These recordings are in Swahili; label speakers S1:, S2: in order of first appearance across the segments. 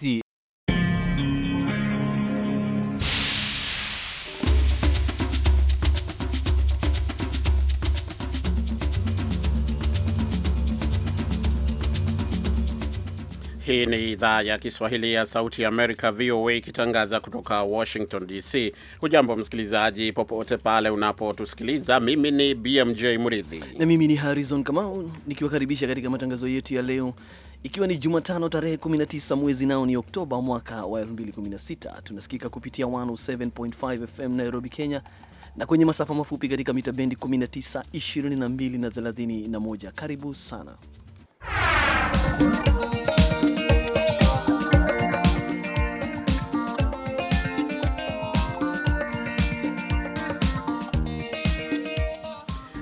S1: Die.
S2: Hii ni idhaa ya Kiswahili ya Sauti ya Amerika, VOA, ikitangaza kutoka Washington DC. Hujambo msikilizaji, popote pale unapotusikiliza. Mimi ni BMJ Muridhi
S3: na mimi ni Harrison Kamau nikiwakaribisha katika matangazo yetu ya leo ikiwa ni Jumatano tarehe 19 mwezi nao ni Oktoba mwaka wa 2016. Tunasikika kupitia 107.5 FM Nairobi, Kenya na kwenye masafa mafupi katika mita bendi 19, 22 na 31. Karibu sana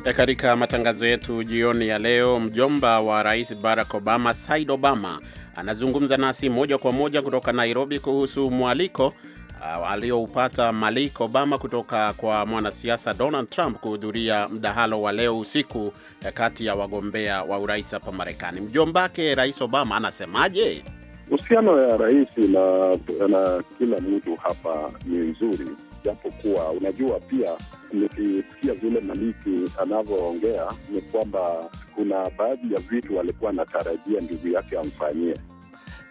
S2: E, katika matangazo yetu jioni ya leo, mjomba wa rais Barack Obama, Said Obama, anazungumza nasi moja kwa moja kutoka Nairobi kuhusu mwaliko alioupata Malik Obama kutoka kwa mwanasiasa Donald Trump kuhudhuria mdahalo wa leo usiku e, kati ya wagombea wa urais hapa Marekani. Mjombake Rais Obama anasemaje?
S4: Uhusiano ya rais na, na kila mtu hapa ni nzuri japokuwa unajua pia nikisikia vile Maliki anavyoongea ni kwamba kuna baadhi ya vitu walikuwa anatarajia ndugu yake amfanyie.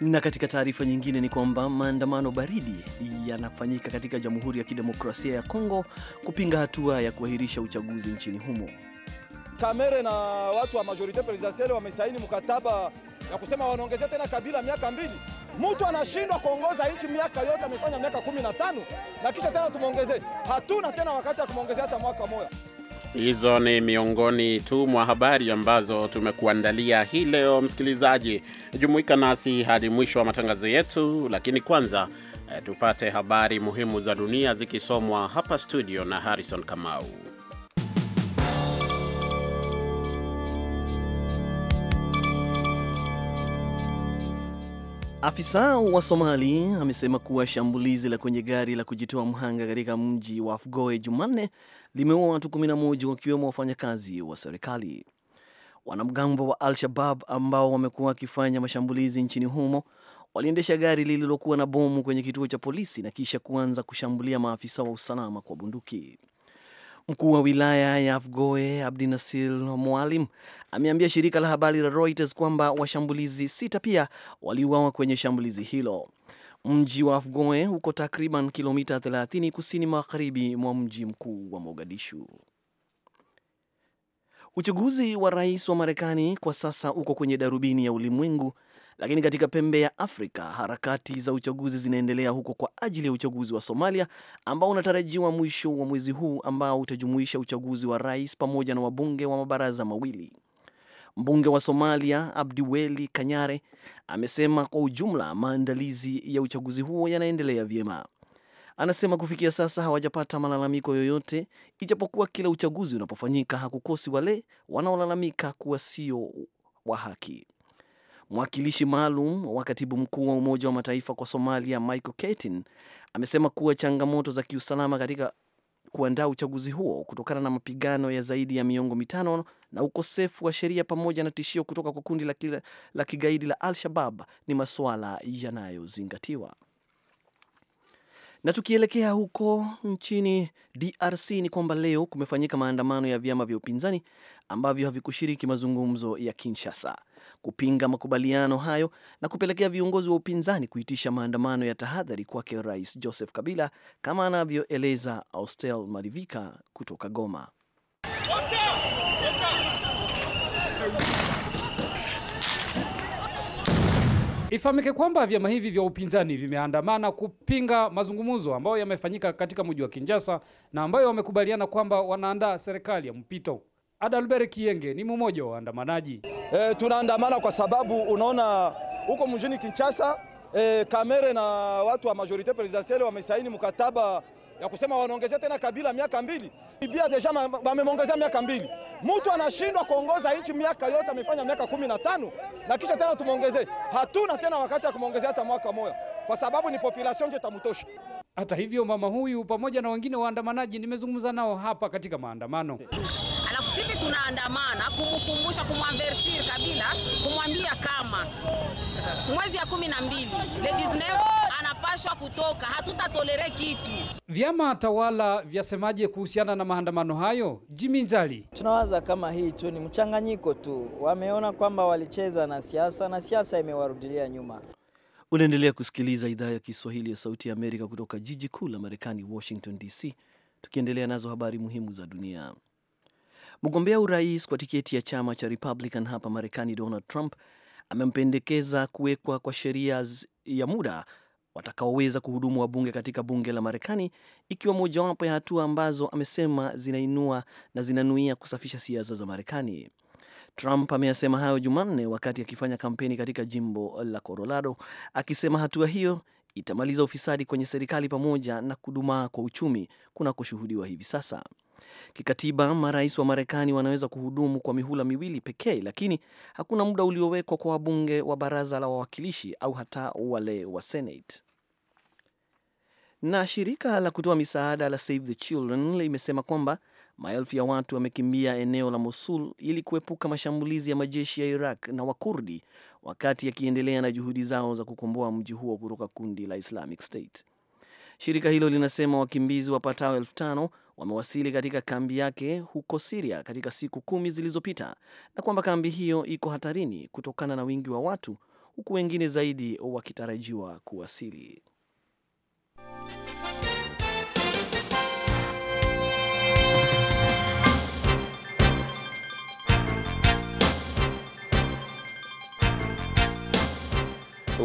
S3: Na katika taarifa nyingine ni kwamba maandamano baridi yanafanyika katika Jamhuri ya Kidemokrasia ya Kongo kupinga hatua ya kuahirisha uchaguzi nchini humo. Kamere na watu wa majorite presidentielle wamesaini mkataba ya kusema wanaongezea tena Kabila miaka mbili. Mtu
S1: anashindwa kuongoza nchi miaka yote, amefanya miaka kumi na tano na kisha tena tumwongezee. Hatuna tena wakati ya kumwongezea hata mwaka moja.
S2: Hizo ni miongoni tu mwa habari ambazo tumekuandalia hii leo. Msikilizaji, jumuika nasi hadi mwisho wa matangazo yetu, lakini kwanza eh, tupate habari muhimu za dunia zikisomwa hapa studio na Harrison Kamau.
S3: Afisa wa Somali amesema kuwa shambulizi la kwenye gari la kujitoa mhanga katika mji wa Afgoe Jumanne limeua watu 11 wakiwemo wafanyakazi wa serikali. Wanamgambo wa Al-Shabab ambao wamekuwa wakifanya mashambulizi nchini humo waliendesha gari lililokuwa na bomu kwenye kituo cha polisi na kisha kuanza kushambulia maafisa wa usalama kwa bunduki. Mkuu wa wilaya ya Afgoe Abdinasir Mwalim ameambia shirika la habari la Reuters kwamba washambulizi sita pia waliuawa kwenye shambulizi hilo. Mji wa Afgoe uko takriban kilomita 30 kusini magharibi mwa mji mkuu wa Mogadishu. Uchaguzi wa rais wa Marekani kwa sasa uko kwenye darubini ya ulimwengu lakini katika pembe ya Afrika, harakati za uchaguzi zinaendelea huko kwa ajili ya uchaguzi wa Somalia ambao unatarajiwa mwisho wa mwezi huu ambao utajumuisha uchaguzi wa rais pamoja na wabunge wa mabaraza mawili. Mbunge wa Somalia Abdiweli Kanyare amesema kwa ujumla maandalizi ya uchaguzi huo yanaendelea vyema. Anasema kufikia sasa hawajapata malalamiko yoyote, ijapokuwa kila uchaguzi unapofanyika hakukosi wale wanaolalamika kuwa sio wa haki. Mwakilishi maalum wa katibu mkuu wa Umoja wa Mataifa kwa Somalia, Michael Ketin, amesema kuwa changamoto za kiusalama katika kuandaa uchaguzi huo kutokana na mapigano ya zaidi ya miongo mitano na ukosefu wa sheria pamoja na tishio kutoka kwa kundi la, la kigaidi la Al-Shabab ni masuala yanayozingatiwa. Na tukielekea huko nchini DRC ni kwamba leo kumefanyika maandamano ya vyama vya upinzani ambavyo havikushiriki mazungumzo ya Kinshasa kupinga makubaliano hayo na kupelekea viongozi wa upinzani kuitisha maandamano ya tahadhari kwake Rais Joseph Kabila, kama anavyoeleza Austel marivika kutoka Goma.
S1: Ifahamike kwamba vyama hivi vya upinzani vimeandamana kupinga mazungumzo ambayo yamefanyika katika mji wa Kinshasa na ambayo wamekubaliana kwamba wanaandaa serikali ya mpito. Adalbert Kienge ni mmoja wa waandamanaji. E, tunaandamana
S3: kwa sababu unaona huko mjini Kinshasa e,
S1: Kamere na watu wa majorite presidentielle wamesaini mkataba ya kusema wanaongezea tena Kabila miaka mbili. Bibia deja wamemwongezea miaka mbili. Mtu anashindwa kuongoza nchi miaka yote, amefanya miaka kumi na tano na kisha tena tumwongezee. Hatuna tena wakati ya kumwongezea hata mwaka moja, kwa sababu ni population ndio itamtosha. Hata hivyo mama huyu pamoja na wengine waandamanaji nimezungumza nao hapa katika maandamano
S5: alafu sisi tunaandamana kumkumbusha, kumwavertir Kabila, kumwambia kama mwezi ya kumi na mbili anapashwa kutoka, hatutatolere kitu.
S1: Vyama tawala vyasemaje kuhusiana na maandamano hayo?
S5: Jimmy Njali: tunawaza kama hii tu ni mchanganyiko tu, wameona kwamba walicheza na siasa na siasa imewarudilia nyuma.
S3: Unaendelea kusikiliza idhaa ya Kiswahili ya Sauti ya Amerika kutoka jiji kuu la Marekani, Washington DC, tukiendelea nazo habari muhimu za dunia. Mgombea urais kwa tiketi ya chama cha Republican hapa Marekani, Donald Trump amempendekeza kuwekwa kwa sheria ya muda watakaoweza kuhudumu wabunge katika bunge la Marekani, ikiwa mojawapo ya hatua ambazo amesema zinainua na zinanuia kusafisha siasa za Marekani. Trump ameyasema hayo Jumanne wakati akifanya kampeni katika jimbo la Colorado, akisema hatua hiyo itamaliza ufisadi kwenye serikali pamoja na kudumaa kwa uchumi kunakoshuhudiwa hivi sasa. Kikatiba, marais wa Marekani wanaweza kuhudumu kwa mihula miwili pekee, lakini hakuna muda uliowekwa kwa wabunge wa baraza la wawakilishi au hata wale wa Senate. Na shirika la kutoa misaada la Save the Children limesema kwamba maelfu ya watu wamekimbia eneo la Mosul ili kuepuka mashambulizi ya majeshi ya Iraq na Wakurdi wakati yakiendelea na juhudi zao za kukomboa mji huo kutoka kundi la Islamic State. Shirika hilo linasema wakimbizi wapatao elfu tano wamewasili katika kambi yake huko Siria katika siku kumi zilizopita na kwamba kambi hiyo iko hatarini kutokana na wingi wa watu huku wengine zaidi wakitarajiwa kuwasili.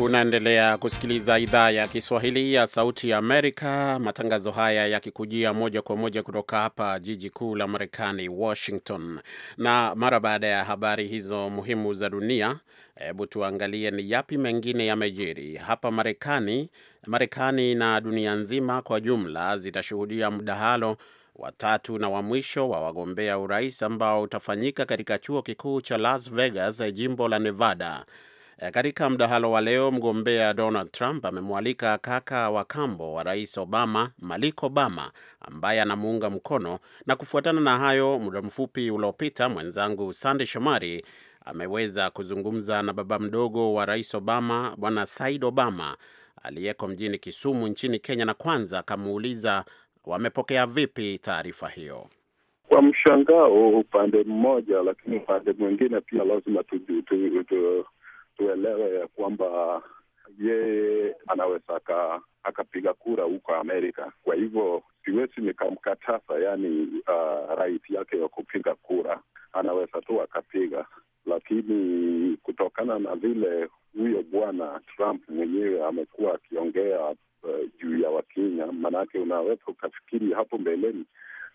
S2: Unaendelea kusikiliza idhaa ya Kiswahili ya Sauti ya Amerika, matangazo haya yakikujia moja kwa moja kutoka hapa jiji kuu la Marekani, Washington. Na mara baada ya habari hizo muhimu za dunia, hebu tuangalie ni yapi mengine yamejiri hapa Marekani. Marekani na dunia nzima kwa jumla zitashuhudia mdahalo watatu na wa mwisho wa wagombea urais ambao utafanyika katika chuo kikuu cha Las Vegas, jimbo la Nevada. Eh, katika mdahalo wa leo, mgombea Donald Trump amemwalika kaka wa kambo wa rais Obama, Malik Obama, ambaye anamuunga mkono. Na kufuatana na hayo, muda mfupi uliopita, mwenzangu Sande Shomari ameweza kuzungumza na baba mdogo wa rais Obama, bwana Said Obama aliyeko mjini Kisumu nchini Kenya, na kwanza akamuuliza wamepokea vipi
S4: taarifa hiyo. Kwa mshangao upande mmoja, lakini upande mwingine pia lazima tuelewe ya kwamba yeye anaweza akapiga kura huko Amerika. Kwa hivyo siwezi nikamkataza, yani uh, right yake ya kupiga kura, anaweza tu akapiga, lakini kutokana na vile huyo bwana Trump mwenyewe amekuwa akiongea uh, juu ya Wakenya, maanake unaweza ukafikiri hapo mbeleni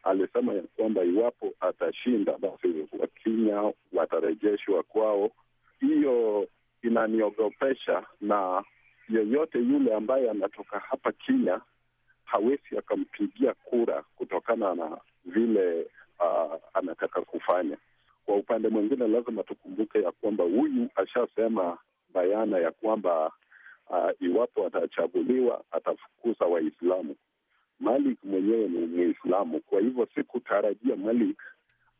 S4: alisema ya kwamba iwapo atashinda basi Wakenya watarejeshwa kwao. Hiyo inaniogopesha, na yeyote yule ambaye anatoka hapa Kenya hawezi akampigia kura kutokana na vile uh, anataka kufanya. Kwa upande mwingine, lazima tukumbuke ya kwamba huyu ashasema bayana ya kwamba uh, iwapo atachaguliwa atafukuza Waislamu. Malik mwenyewe ni Muislamu, kwa hivyo sikutarajia Malik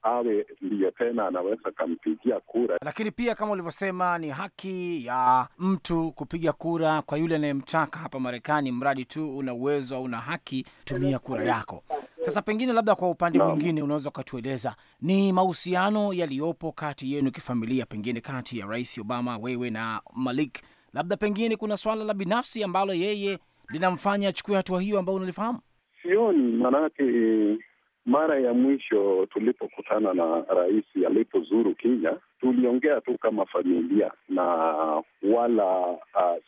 S4: awe ndiye tena anaweza kampigia kura.
S1: Lakini pia kama ulivyosema, ni haki ya mtu kupiga kura kwa yule anayemtaka hapa Marekani, mradi tu una uwezo au una haki, tumia kura yako. Sasa pengine labda kwa upande mwingine no. unaweza ukatueleza ni mahusiano yaliyopo kati yenu kifamilia, pengine kati ya Rais Obama, wewe na Malik, labda pengine kuna swala la binafsi ambalo yeye linamfanya achukue hatua hiyo ambayo unalifahamu?
S4: Sioni maanake mara ya mwisho tulipokutana na rais alipozuru Kenya, tuliongea tu kama familia na wala uh,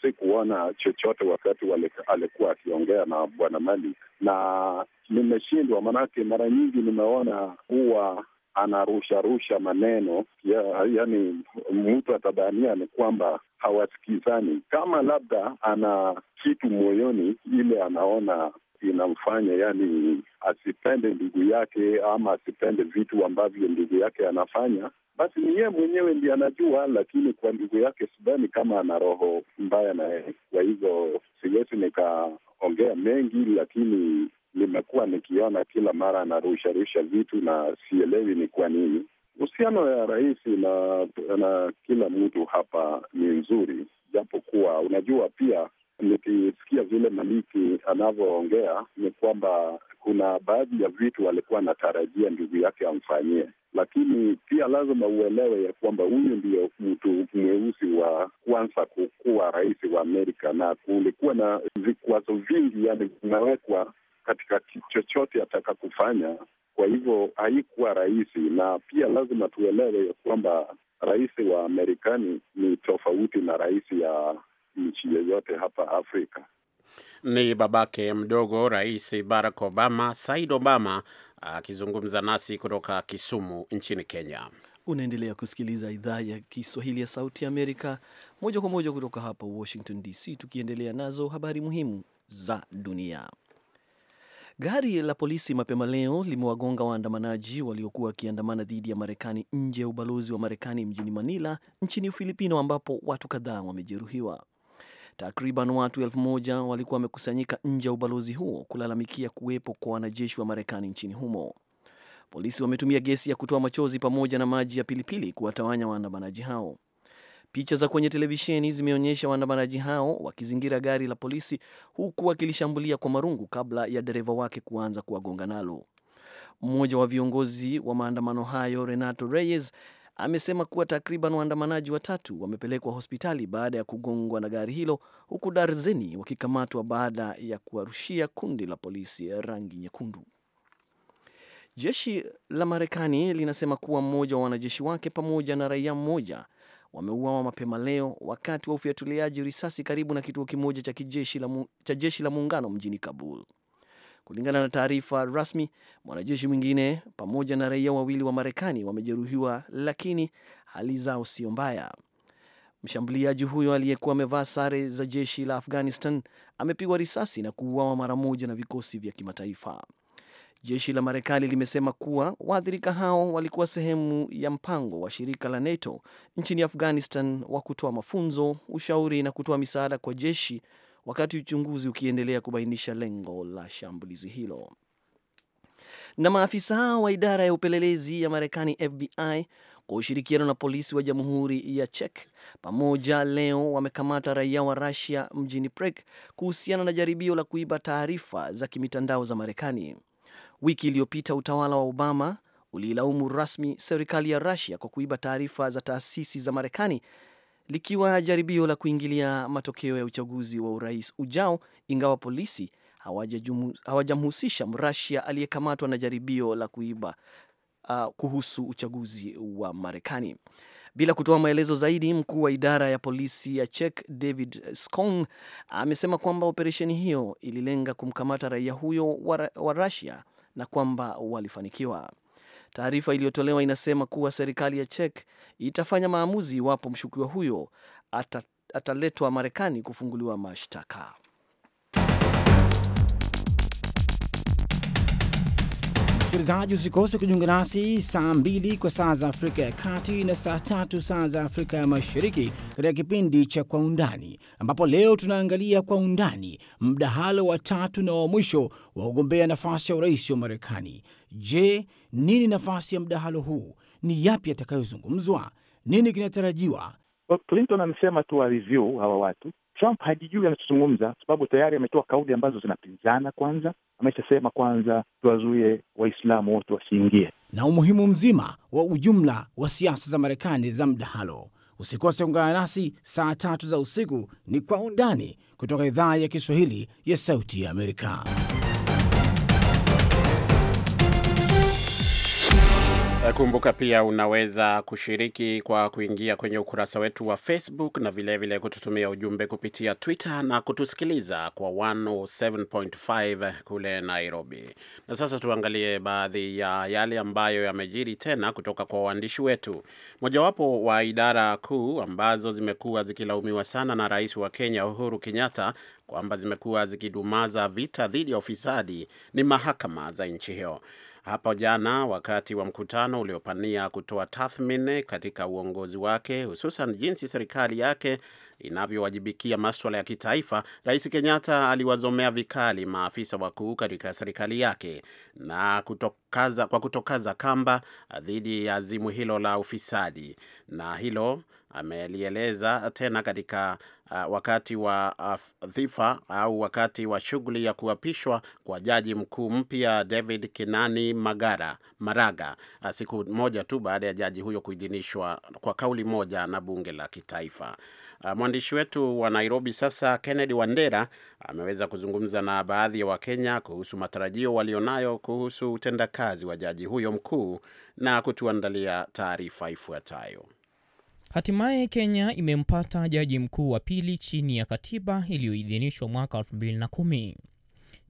S4: ah, kuona chochote wakati wale, alikuwa akiongea na bwana Malik, na nimeshindwa manake, mara nyingi nimeona huwa anarusharusha maneno ya, yani mtu atadhania ni kwamba hawasikizani, kama labda ana kitu moyoni ile anaona inamfanya yani asipende ndugu yake ama asipende vitu ambavyo ndugu yake anafanya, basi ni yeye mwenyewe ndi anajua, lakini kwa ndugu yake sidhani kama ana roho mbaya na yeye. Kwa hivyo siwezi nikaongea mengi, lakini nimekuwa nikiona kila mara anarusharusha vitu na sielewi ni kwa nini. Uhusiano ya rais na, na kila mtu hapa ni nzuri, japokuwa unajua pia nikisikia vile Maliki anavyoongea ni kwamba kuna baadhi ya vitu alikuwa anatarajia ndugu yake amfanyie, lakini pia lazima uelewe ya kwamba huyu ndio mtu mweusi wa kwanza kukuwa rais wa Amerika, na kulikuwa na vikwazo vingi, yani vinawekwa katika chochote ataka kufanya. Kwa hivyo haikuwa rahisi, na pia lazima tuelewe ya kwamba rais wa Amerikani ni tofauti na rais ya nchi yoyote hapa Afrika.
S2: Ni babake mdogo Rais Barack Obama, Said Obama akizungumza nasi kutoka Kisumu nchini Kenya.
S3: Unaendelea kusikiliza idhaa ya Kiswahili ya Sauti ya Amerika moja kwa moja kutoka hapa Washington DC, tukiendelea nazo habari muhimu za dunia. Gari la polisi mapema leo limewagonga waandamanaji waliokuwa wakiandamana dhidi ya Marekani nje ya ubalozi wa Marekani mjini Manila nchini Ufilipino, ambapo watu kadhaa wamejeruhiwa. Takriban watu elfu moja walikuwa wamekusanyika nje ya ubalozi huo kulalamikia kuwepo kwa wanajeshi wa Marekani nchini humo. Polisi wametumia gesi ya kutoa machozi pamoja na maji ya pilipili kuwatawanya waandamanaji hao. Picha za kwenye televisheni zimeonyesha waandamanaji hao wakizingira gari la polisi huku wakilishambulia kwa marungu kabla ya dereva wake kuanza kuwagonga nalo. Mmoja wa viongozi wa maandamano hayo Renato Reyes amesema kuwa takriban waandamanaji watatu wamepelekwa hospitali baada ya kugongwa na gari hilo, huku darzeni wakikamatwa baada ya kuwarushia kundi la polisi ya rangi nyekundu. Jeshi la Marekani linasema kuwa mmoja wa wanajeshi wake pamoja na raia mmoja wameuawa mapema leo wakati wa ufiatuliaji risasi karibu na kituo kimoja cha jeshi la muungano mjini Kabul. Kulingana na taarifa rasmi, mwanajeshi mwingine pamoja na raia wawili wa Marekani wamejeruhiwa, lakini hali zao sio mbaya. Mshambuliaji huyo aliyekuwa amevaa sare za jeshi la Afghanistan amepigwa risasi na kuuawa mara moja na vikosi vya kimataifa. Jeshi la Marekani limesema kuwa waathirika hao walikuwa sehemu ya mpango wa shirika la NATO nchini Afghanistan wa kutoa mafunzo, ushauri na kutoa misaada kwa jeshi wakati uchunguzi ukiendelea kubainisha lengo la shambulizi hilo. Na maafisa hao wa idara ya upelelezi ya Marekani FBI kwa ushirikiano na polisi wa Jamhuri ya Czech pamoja leo wamekamata raia wa Russia mjini Prague kuhusiana na jaribio la kuiba taarifa za kimitandao za Marekani. Wiki iliyopita utawala wa Obama uliilaumu rasmi serikali ya Russia kwa kuiba taarifa za taasisi za Marekani likiwa jaribio la kuingilia matokeo ya uchaguzi wa urais ujao, ingawa polisi hawajamhusisha Mrasia aliyekamatwa na jaribio la kuiba uh, kuhusu uchaguzi wa Marekani. Bila kutoa maelezo zaidi, mkuu wa idara ya polisi ya Czech David Scong amesema kwamba operesheni hiyo ililenga kumkamata raia huyo wa Rasia na kwamba walifanikiwa. Taarifa iliyotolewa inasema kuwa serikali ya Czech itafanya maamuzi iwapo mshukiwa huyo ataletwa Marekani kufunguliwa mashtaka.
S1: Msikilizaji, usikose kujiunga nasi saa mbili kwa saa za Afrika ya Kati na saa tatu saa za Afrika ya Mashariki katika kipindi cha Kwa Undani, ambapo leo tunaangalia kwa undani mdahalo wa tatu na wa mwisho wa kugombea nafasi ya urais wa Marekani. Je, nini nafasi ya mdahalo huu? Ni yapi yatakayozungumzwa? Nini kinatarajiwa?
S4: Clinton amesema tu wa review hawa watu Trump hajijui anachozungumza, sababu tayari ametoa kauli ambazo zinapinzana. Kwanza ameshasema kwanza tuwazuie Waislamu
S1: wote wasiingie, na umuhimu mzima wa ujumla wa siasa za Marekani za mdahalo. Usikose ungana nasi saa tatu za usiku. Ni Kwa Undani kutoka idhaa ya Kiswahili ya Sauti ya Amerika.
S2: Kumbuka pia unaweza kushiriki kwa kuingia kwenye ukurasa wetu wa Facebook na vilevile vile kututumia ujumbe kupitia Twitter na kutusikiliza kwa 107.5 kule Nairobi. Na sasa tuangalie baadhi ya yale ambayo yamejiri tena kutoka kwa waandishi wetu. Mojawapo wa idara kuu ambazo zimekuwa zikilaumiwa sana na Rais wa Kenya Uhuru Kenyatta kwamba zimekuwa zikidumaza vita dhidi ya ufisadi ni mahakama za nchi hiyo hapo jana wakati wa mkutano uliopania kutoa tathmini katika uongozi wake, hususan jinsi serikali yake inavyowajibikia maswala ya kitaifa. Rais Kenyatta aliwazomea vikali maafisa wakuu katika serikali yake na kutokaza, kwa kutokaza kamba dhidi ya zimu hilo la ufisadi, na hilo amelieleza tena katika Uh, wakati wa dhifa uh, au wakati wa shughuli ya kuapishwa kwa jaji mkuu mpya David Kinani Magara, Maraga uh, siku moja tu baada ya jaji huyo kuidhinishwa kwa kauli moja na bunge la kitaifa. mwandishi wetu wa Nairobi sasa Kennedy Wandera ameweza kuzungumza na baadhi ya wa Wakenya kuhusu matarajio walionayo kuhusu utendakazi wa jaji huyo mkuu na kutuandalia taarifa ifuatayo.
S6: Hatimaye Kenya imempata jaji mkuu wa pili chini ya katiba iliyoidhinishwa mwaka 2010.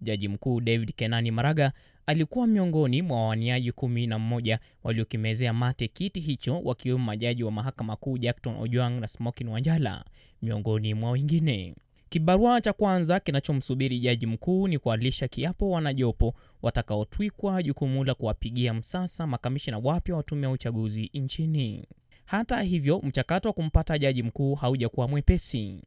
S6: Jaji mkuu David Kenani Maraga alikuwa miongoni mwa wawaniaji kumi na mmoja waliokimezea mate kiti hicho wakiwemo majaji wa mahakama kuu Jackton Ojwang na Smokin Wanjala miongoni mwa wengine. Kibarua cha kwanza kinachomsubiri jaji mkuu ni kualisha kiapo wanajopo watakaotwikwa jukumu la kuwapigia msasa makamishina wapya wa tume ya uchaguzi nchini. Hata hivyo, mchakato wa kumpata jaji mkuu haujakuwa mwepesi.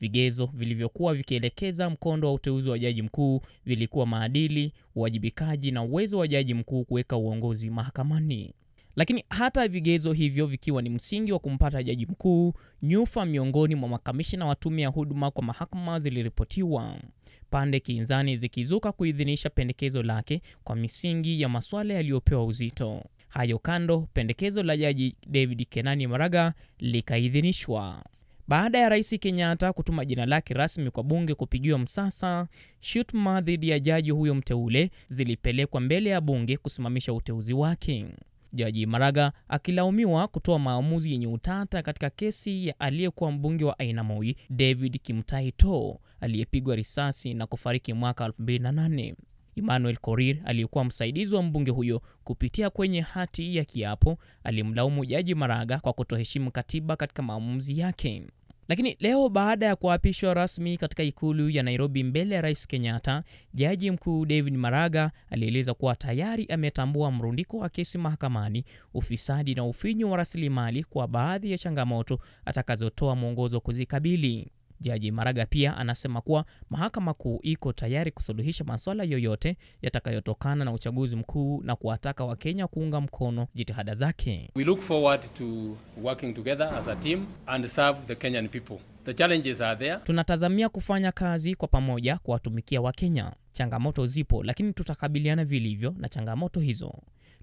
S6: Vigezo vilivyokuwa vikielekeza mkondo wa uteuzi wa jaji mkuu vilikuwa maadili, uwajibikaji na uwezo wa jaji mkuu kuweka uongozi mahakamani. Lakini hata vigezo hivyo vikiwa ni msingi wa kumpata jaji mkuu, nyufa miongoni mwa makamishina wa tume ya huduma kwa mahakama ziliripotiwa, pande kinzani zikizuka kuidhinisha pendekezo lake kwa misingi ya masuala yaliyopewa uzito. Hayo kando pendekezo la Jaji David Kenani Maraga likaidhinishwa. Baada ya Rais Kenyatta kutuma jina lake rasmi kwa bunge kupigiwa msasa, shutuma dhidi ya jaji huyo mteule zilipelekwa mbele ya bunge kusimamisha uteuzi wake. Jaji Maraga akilaumiwa kutoa maamuzi yenye utata katika kesi ya aliyekuwa mbunge wa Ainamoi David Kimtai aliyepigwa risasi na kufariki mwaka 2008. Emmanuel Korir aliyekuwa msaidizi wa mbunge huyo, kupitia kwenye hati ya kiapo, alimlaumu Jaji Maraga kwa kutoheshimu katiba katika maamuzi yake. Lakini leo baada ya kuapishwa rasmi katika ikulu ya Nairobi mbele ya Rais Kenyatta, Jaji Mkuu David Maraga alieleza kuwa tayari ametambua mrundiko wa kesi mahakamani, ufisadi na ufinyu wa rasilimali kwa baadhi ya changamoto atakazotoa mwongozo kuzikabili. Jaji Maraga pia anasema kuwa mahakama kuu iko tayari kusuluhisha maswala yoyote yatakayotokana na uchaguzi mkuu na kuwataka Wakenya kuunga mkono jitihada zake.
S2: We look forward to working together as a team and serve the Kenyan people. The challenges are there.
S6: Tunatazamia kufanya kazi kwa pamoja kuwatumikia Wakenya. Changamoto zipo, lakini tutakabiliana vilivyo na changamoto hizo.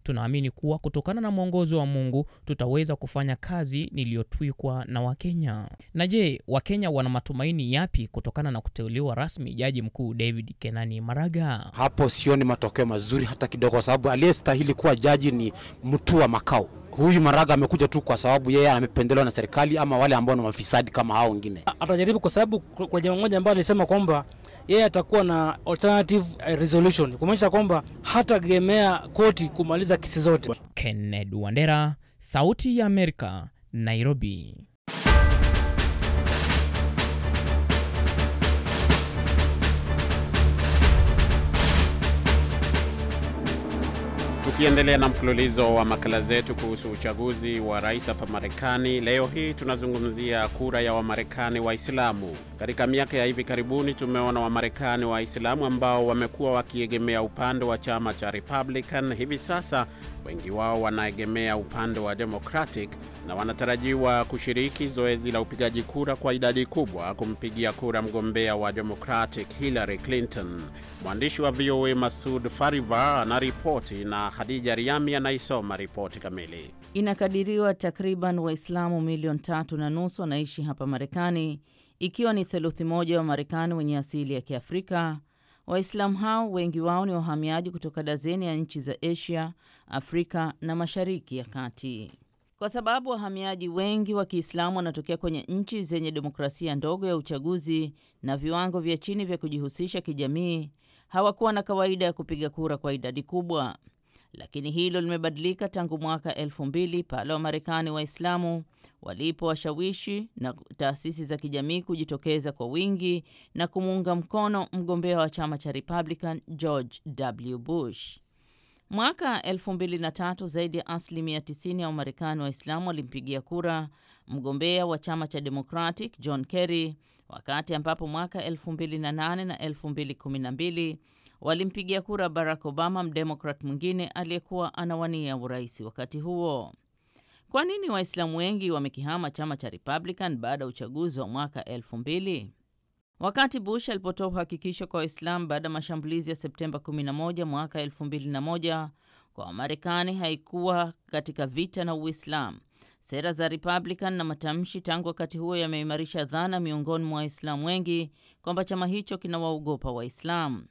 S6: Tunaamini kuwa kutokana na mwongozo wa Mungu tutaweza kufanya kazi niliyotwikwa na Wakenya. Na je, Wakenya wana matumaini yapi kutokana na kuteuliwa rasmi Jaji Mkuu David Kenani Maraga?
S2: Hapo sio ni matokeo mazuri hata kidogo, kwa sababu aliyestahili kuwa jaji ni mtu wa makao Huyu Maraga amekuja tu kwa sababu yeye amependelewa na serikali ama wale ambao ni mafisadi kama hao wengine.
S1: Atajaribu kwa sababu kwa jambo moja alisema kwamba
S6: yeye atakuwa na alternative eh, resolution kumaanisha kwamba hatategemea koti kumaliza kesi zote. Kennedy Wandera, Sauti ya Amerika, Nairobi.
S2: Tukiendelea na mfululizo wa makala zetu kuhusu uchaguzi wa rais hapa Marekani, leo hii tunazungumzia kura ya Wamarekani Waislamu. Katika miaka ya hivi karibuni, tumeona Wamarekani Waislamu ambao wamekuwa wakiegemea upande wa chama cha Republican hivi sasa wengi wao wanaegemea upande wa Democratic na wanatarajiwa kushiriki zoezi la upigaji kura kwa idadi kubwa kumpigia kura mgombea wa Democratic Hillary Clinton. Mwandishi wa VOA Masud Fariva anaripoti na Hadija Riami anaisoma ripoti kamili.
S5: Inakadiriwa takriban Waislamu milioni tatu na nusu wanaishi hapa Marekani, ikiwa ni theluthi moja wa Marekani wenye asili ya Kiafrika Waislamu hao wengi wao ni wahamiaji kutoka dazeni ya nchi za Asia, Afrika na Mashariki ya Kati. Kwa sababu wahamiaji wengi wa Kiislamu wanatokea kwenye nchi zenye demokrasia ndogo ya uchaguzi na viwango vya chini vya kujihusisha kijamii, hawakuwa na kawaida ya kupiga kura kwa idadi kubwa lakini hilo limebadilika tangu mwaka elfu mbili pale Wamarekani Waislamu walipo washawishi na taasisi za kijamii kujitokeza kwa wingi na kumuunga mkono mgombea wa chama cha Republican George W. Bush. Mwaka elfu mbili na tatu zaidi ya asilimia 90 ya Wamarekani Waislamu walimpigia kura mgombea wa chama cha Democratic John Kerry, wakati ambapo mwaka elfu mbili na nane na elfu mbili kumi na mbili walimpigia kura Barack Obama, mdemokrat mwingine aliyekuwa anawania urais wakati huo. Kwa nini Waislamu wengi wamekihama chama cha Republican baada ya uchaguzi wa mwaka elfu mbili? Wakati Bush alipotoa uhakikisho kwa Waislamu baada ya mashambulizi ya Septemba 11 mwaka 21 kwa Wamarekani haikuwa katika vita na Uislamu. Sera za Republican na matamshi tangu wakati huo yameimarisha dhana miongoni mwa Waislamu wengi kwamba chama hicho kinawaogopa Waislamu.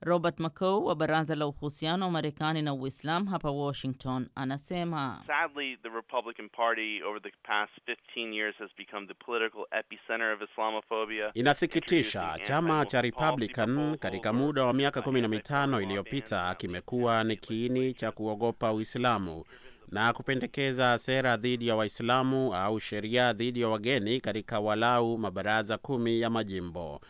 S5: Robert McCaw wa baraza la uhusiano wa Marekani na Uislam hapa Washington anasema Sadly, the Republican Party over the past 15 years has become the political epicenter of Islamophobia.
S2: Inasikitisha, chama cha Republican katika muda wa miaka 15 iliyopita kimekuwa ni kiini cha kuogopa Uislamu na kupendekeza sera dhidi ya Waislamu au sheria dhidi ya wageni katika walau mabaraza kumi ya majimbo.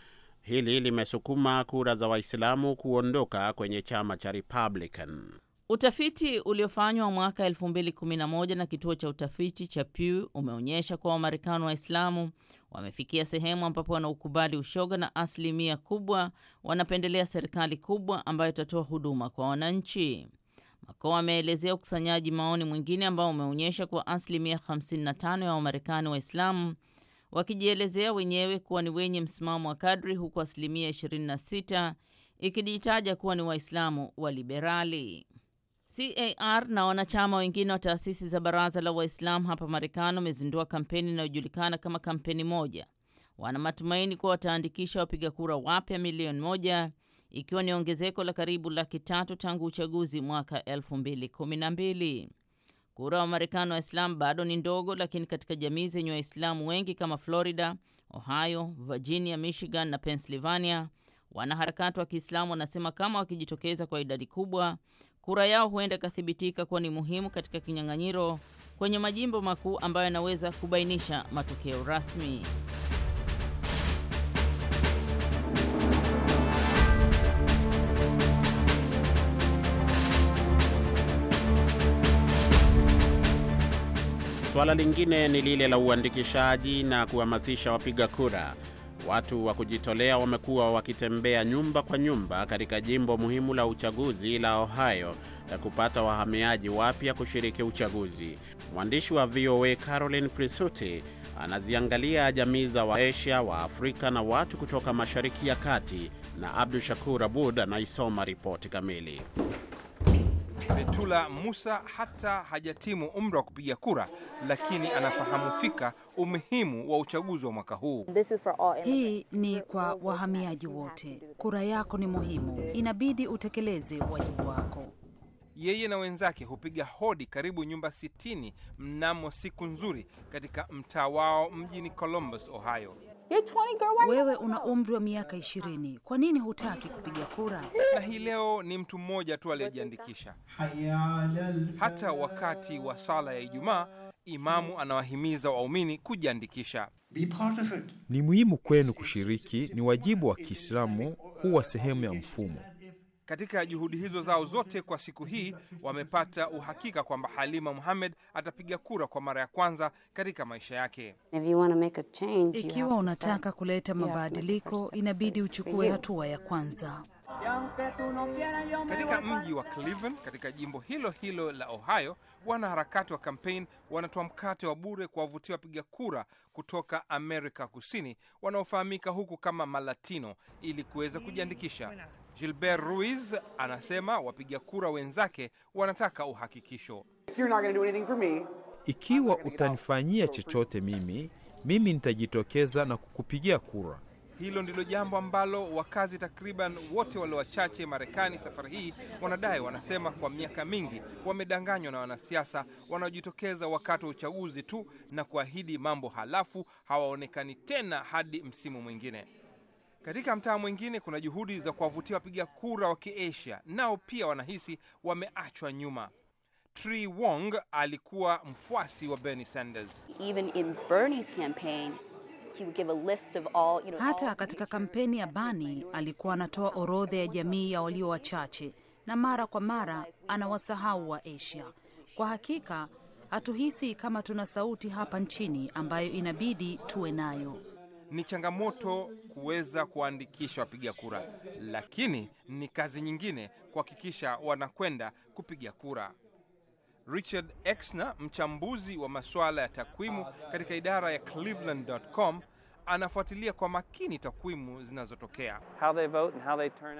S2: Hili limesukuma kura za Waislamu kuondoka kwenye chama cha Republican.
S5: Utafiti uliofanywa mwaka 2011 na kituo cha utafiti cha Pew umeonyesha kuwa Wamarekani Waislamu wamefikia sehemu ambapo wanaukubali ushoga na asilimia kubwa wanapendelea serikali kubwa ambayo itatoa huduma kwa wananchi. Makoa ameelezea ukusanyaji maoni mwingine ambao umeonyesha kuwa asilimia 55 ya Wamarekani Waislamu wakijielezea wenyewe kuwa ni wenye msimamo wa kadri, huku asilimia 26 ikijitaja kuwa ni Waislamu wa liberali. CAR na wanachama wengine wa taasisi za Baraza la Waislamu hapa Marekani wamezindua kampeni inayojulikana kama kampeni moja. Wana matumaini kuwa wataandikisha wapiga kura wapya milioni moja ikiwa ni ongezeko la karibu laki tatu tangu uchaguzi mwaka e212 Kura wa Marekani wa islamu bado ni ndogo, lakini katika jamii zenye Waislamu wengi kama Florida, Ohio, Virginia, Michigan na Pennsylvania, wanaharakati wa Kiislamu wanasema kama wakijitokeza kwa idadi kubwa, kura yao huenda ikathibitika kuwa ni muhimu katika kinyang'anyiro kwenye majimbo makuu ambayo yanaweza kubainisha matokeo rasmi.
S2: Suala lingine ni lile la uandikishaji na kuhamasisha wapiga kura. Watu wa kujitolea wamekuwa wakitembea nyumba kwa nyumba katika jimbo muhimu la uchaguzi la Ohio ya kupata wahamiaji wapya kushiriki uchaguzi. Mwandishi wa VOA Caroline Prisuti anaziangalia jamii za Waasia, Waafrika na watu kutoka Mashariki ya Kati, na Abdu Shakur Abud anaisoma ripoti kamili.
S7: Betula Musa hata hajatimu umri wa kupiga kura, lakini anafahamu fika umuhimu wa uchaguzi wa mwaka huu.
S5: Hii ni kwa wahamiaji wote, kura yako ni muhimu, inabidi utekeleze wajibu wako.
S7: Yeye na wenzake hupiga hodi karibu nyumba sitini mnamo siku nzuri katika mtaa wao mjini Columbus, Ohio
S5: wewe una umri wa miaka ishirini, kwa nini hutaki kupiga kura?
S7: Na hii leo ni mtu mmoja tu aliyejiandikisha. Hata wakati wa sala ya Ijumaa imamu anawahimiza waumini kujiandikisha. Ni muhimu kwenu kushiriki, ni wajibu wa Kiislamu kuwa sehemu ya mfumo katika juhudi hizo zao zote kwa siku hii wamepata uhakika kwamba Halima Muhamed atapiga kura kwa mara ya kwanza katika maisha yake.
S5: Change, ikiwa unataka kuleta mabadiliko inabidi uchukue hatua ya kwanza.
S6: Katika mji
S7: wa Cleveland katika jimbo hilo hilo la Ohio, wanaharakati wa kampeni wanatoa mkate wa bure kuwavutia wapiga kura kutoka Amerika Kusini wanaofahamika huku kama Malatino ili kuweza kujiandikisha. Gilbert Ruiz anasema wapiga kura wenzake wanataka uhakikisho. Ikiwa utanifanyia chochote mimi, mimi nitajitokeza na kukupigia kura. Hilo ndilo jambo ambalo wakazi takriban wote walio wachache Marekani safari hii wanadai. Wanasema kwa miaka mingi wamedanganywa na wanasiasa wanaojitokeza wakati wa uchaguzi tu na kuahidi mambo halafu hawaonekani tena hadi msimu mwingine. Katika mtaa mwingine kuna juhudi za kuwavutia wapiga kura wa Kiasia, nao pia wanahisi wameachwa nyuma. Tree Wong alikuwa mfuasi wa Bernie Sanders.
S5: Even in Bernie's
S2: campaign, he would give a list of all, you know, hata
S5: katika kampeni ya Bernie alikuwa anatoa orodha ya jamii ya walio wachache na mara kwa mara anawasahau wa Asia. Kwa hakika hatuhisi kama tuna sauti hapa nchini ambayo
S7: inabidi tuwe nayo. Ni changamoto kuweza kuwaandikisha wapiga kura, lakini ni kazi nyingine kuhakikisha wanakwenda kupiga kura. Richard Exner, mchambuzi wa masuala ya takwimu katika idara ya Cleveland.com, anafuatilia kwa makini takwimu zinazotokea,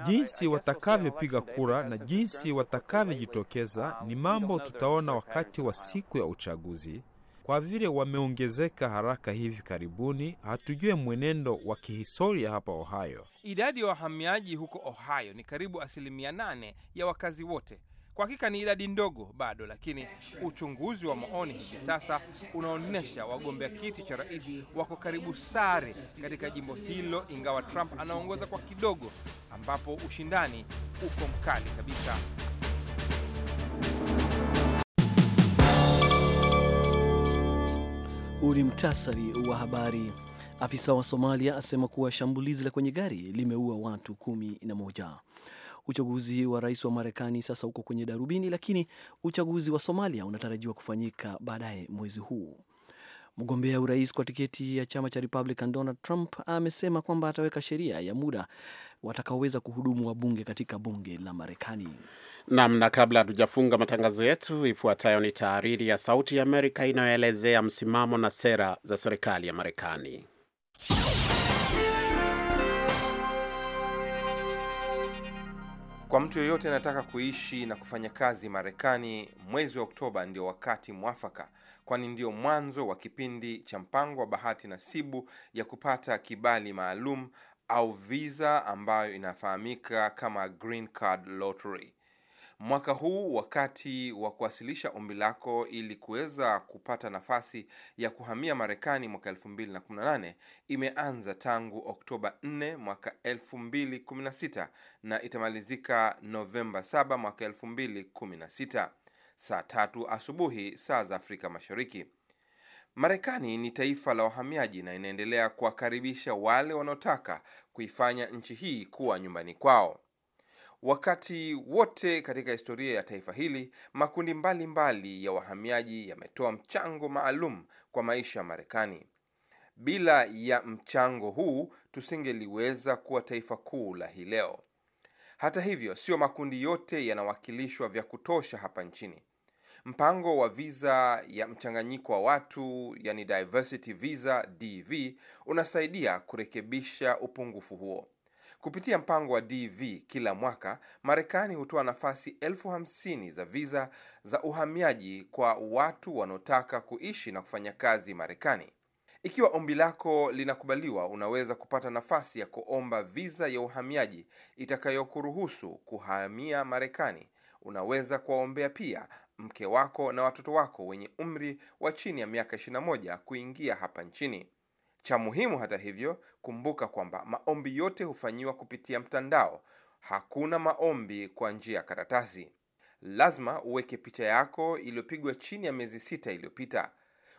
S7: jinsi watakavyopiga kura na jinsi watakavyojitokeza. Ni mambo tutaona wakati wa siku ya uchaguzi. Kwa vile wameongezeka haraka hivi karibuni, hatujue mwenendo wa kihistoria hapa Ohio. Idadi ya wa wahamiaji huko Ohio ni karibu asilimia nane ya wakazi wote. Kwa hakika ni idadi ndogo bado, lakini uchunguzi wa maoni hivi sasa unaonyesha wagombea kiti cha rais wako karibu sare katika jimbo hilo, ingawa Trump anaongoza kwa kidogo, ambapo ushindani uko mkali kabisa.
S3: huu ni mtasari wa habari. Afisa wa Somalia asema kuwa shambulizi la kwenye gari limeua watu kumi na moja. Uchaguzi wa rais wa Marekani sasa uko kwenye darubini, lakini uchaguzi wa Somalia unatarajiwa kufanyika baadaye mwezi huu. Mgombea urais kwa tiketi ya chama cha Republican Donald Trump amesema kwamba ataweka sheria ya muda watakaoweza kuhudumu wabunge katika bunge la Marekani.
S2: Naam, na kabla hatujafunga matangazo yetu, ifuatayo ni tahariri ya Sauti ya Amerika inayoelezea msimamo na sera za
S7: serikali ya Marekani. Kwa mtu yeyote anataka kuishi na kufanya kazi Marekani, mwezi wa Oktoba ndio wakati mwafaka, kwani ndio mwanzo wa kipindi cha mpango wa bahati nasibu ya kupata kibali maalum au visa ambayo inafahamika kama Green Card Lottery. Mwaka huu wakati wa kuwasilisha ombi lako ili kuweza kupata nafasi ya kuhamia Marekani mwaka 2018 imeanza tangu Oktoba 4 mwaka 2016 na itamalizika Novemba 7 mwaka 2016 saa tatu asubuhi saa za Afrika Mashariki. Marekani ni taifa la wahamiaji na inaendelea kuwakaribisha wale wanaotaka kuifanya nchi hii kuwa nyumbani kwao. Wakati wote katika historia ya taifa hili, makundi mbalimbali mbali ya wahamiaji yametoa mchango maalum kwa maisha ya Marekani. Bila ya mchango huu, tusingeliweza kuwa taifa kuu la hii leo. Hata hivyo, sio makundi yote yanawakilishwa vya kutosha hapa nchini. Mpango wa viza ya mchanganyiko wa watu, yani diversity visa, DV, unasaidia kurekebisha upungufu huo. Kupitia mpango wa DV, kila mwaka Marekani hutoa nafasi elfu hamsini za viza za uhamiaji kwa watu wanaotaka kuishi na kufanya kazi Marekani. Ikiwa ombi lako linakubaliwa, unaweza kupata nafasi ya kuomba viza ya uhamiaji itakayokuruhusu kuhamia Marekani. Unaweza kuwaombea pia mke wako na watoto wako wenye umri wa chini ya miaka 21 kuingia hapa nchini. Cha muhimu hata hivyo, kumbuka kwamba maombi yote hufanyiwa kupitia mtandao. Hakuna maombi kwa njia ya karatasi. Lazima uweke picha yako iliyopigwa chini ya miezi sita iliyopita.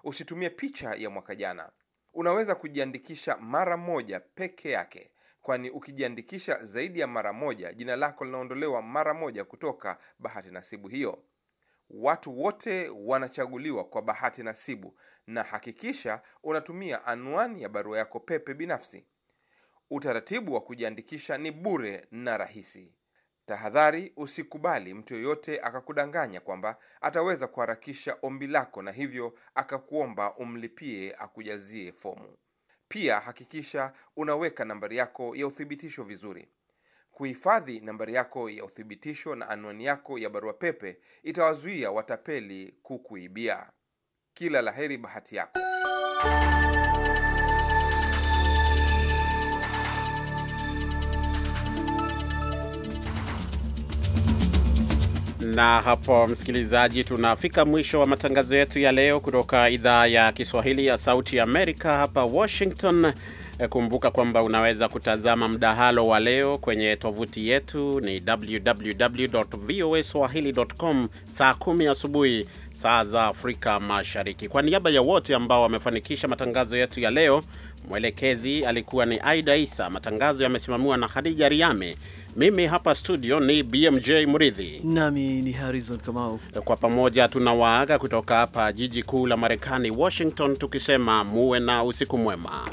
S7: Usitumie picha ya mwaka jana. Unaweza kujiandikisha mara moja peke yake, kwani ukijiandikisha zaidi ya mara moja, jina lako linaondolewa mara moja kutoka bahati nasibu hiyo. Watu wote wanachaguliwa kwa bahati nasibu, na hakikisha unatumia anwani ya barua yako pepe binafsi. Utaratibu wa kujiandikisha ni bure na rahisi. Tahadhari: usikubali mtu yoyote akakudanganya kwamba ataweza kuharakisha ombi lako na hivyo akakuomba umlipie akujazie fomu. Pia hakikisha unaweka nambari yako ya uthibitisho vizuri. Kuhifadhi nambari yako ya uthibitisho na anwani yako ya barua pepe itawazuia watapeli kukuibia. Kila laheri, bahati yako.
S2: Na hapo msikilizaji, tunafika mwisho wa matangazo yetu ya leo kutoka idhaa ya Kiswahili ya Sauti ya Amerika hapa Washington. Kumbuka kwamba unaweza kutazama mdahalo wa leo kwenye tovuti yetu ni www.voaswahili.com saa kumi asubuhi saa za Afrika Mashariki. Kwa niaba ya wote ambao wamefanikisha matangazo yetu ya leo, mwelekezi alikuwa ni Aida Isa, matangazo yamesimamiwa na Khadija Riame. Mimi hapa studio ni BMJ mridhi
S3: nami ni Harrison Kamau.
S2: Kwa pamoja tunawaaga kutoka hapa jiji kuu la Marekani, Washington, tukisema muwe na usiku mwema.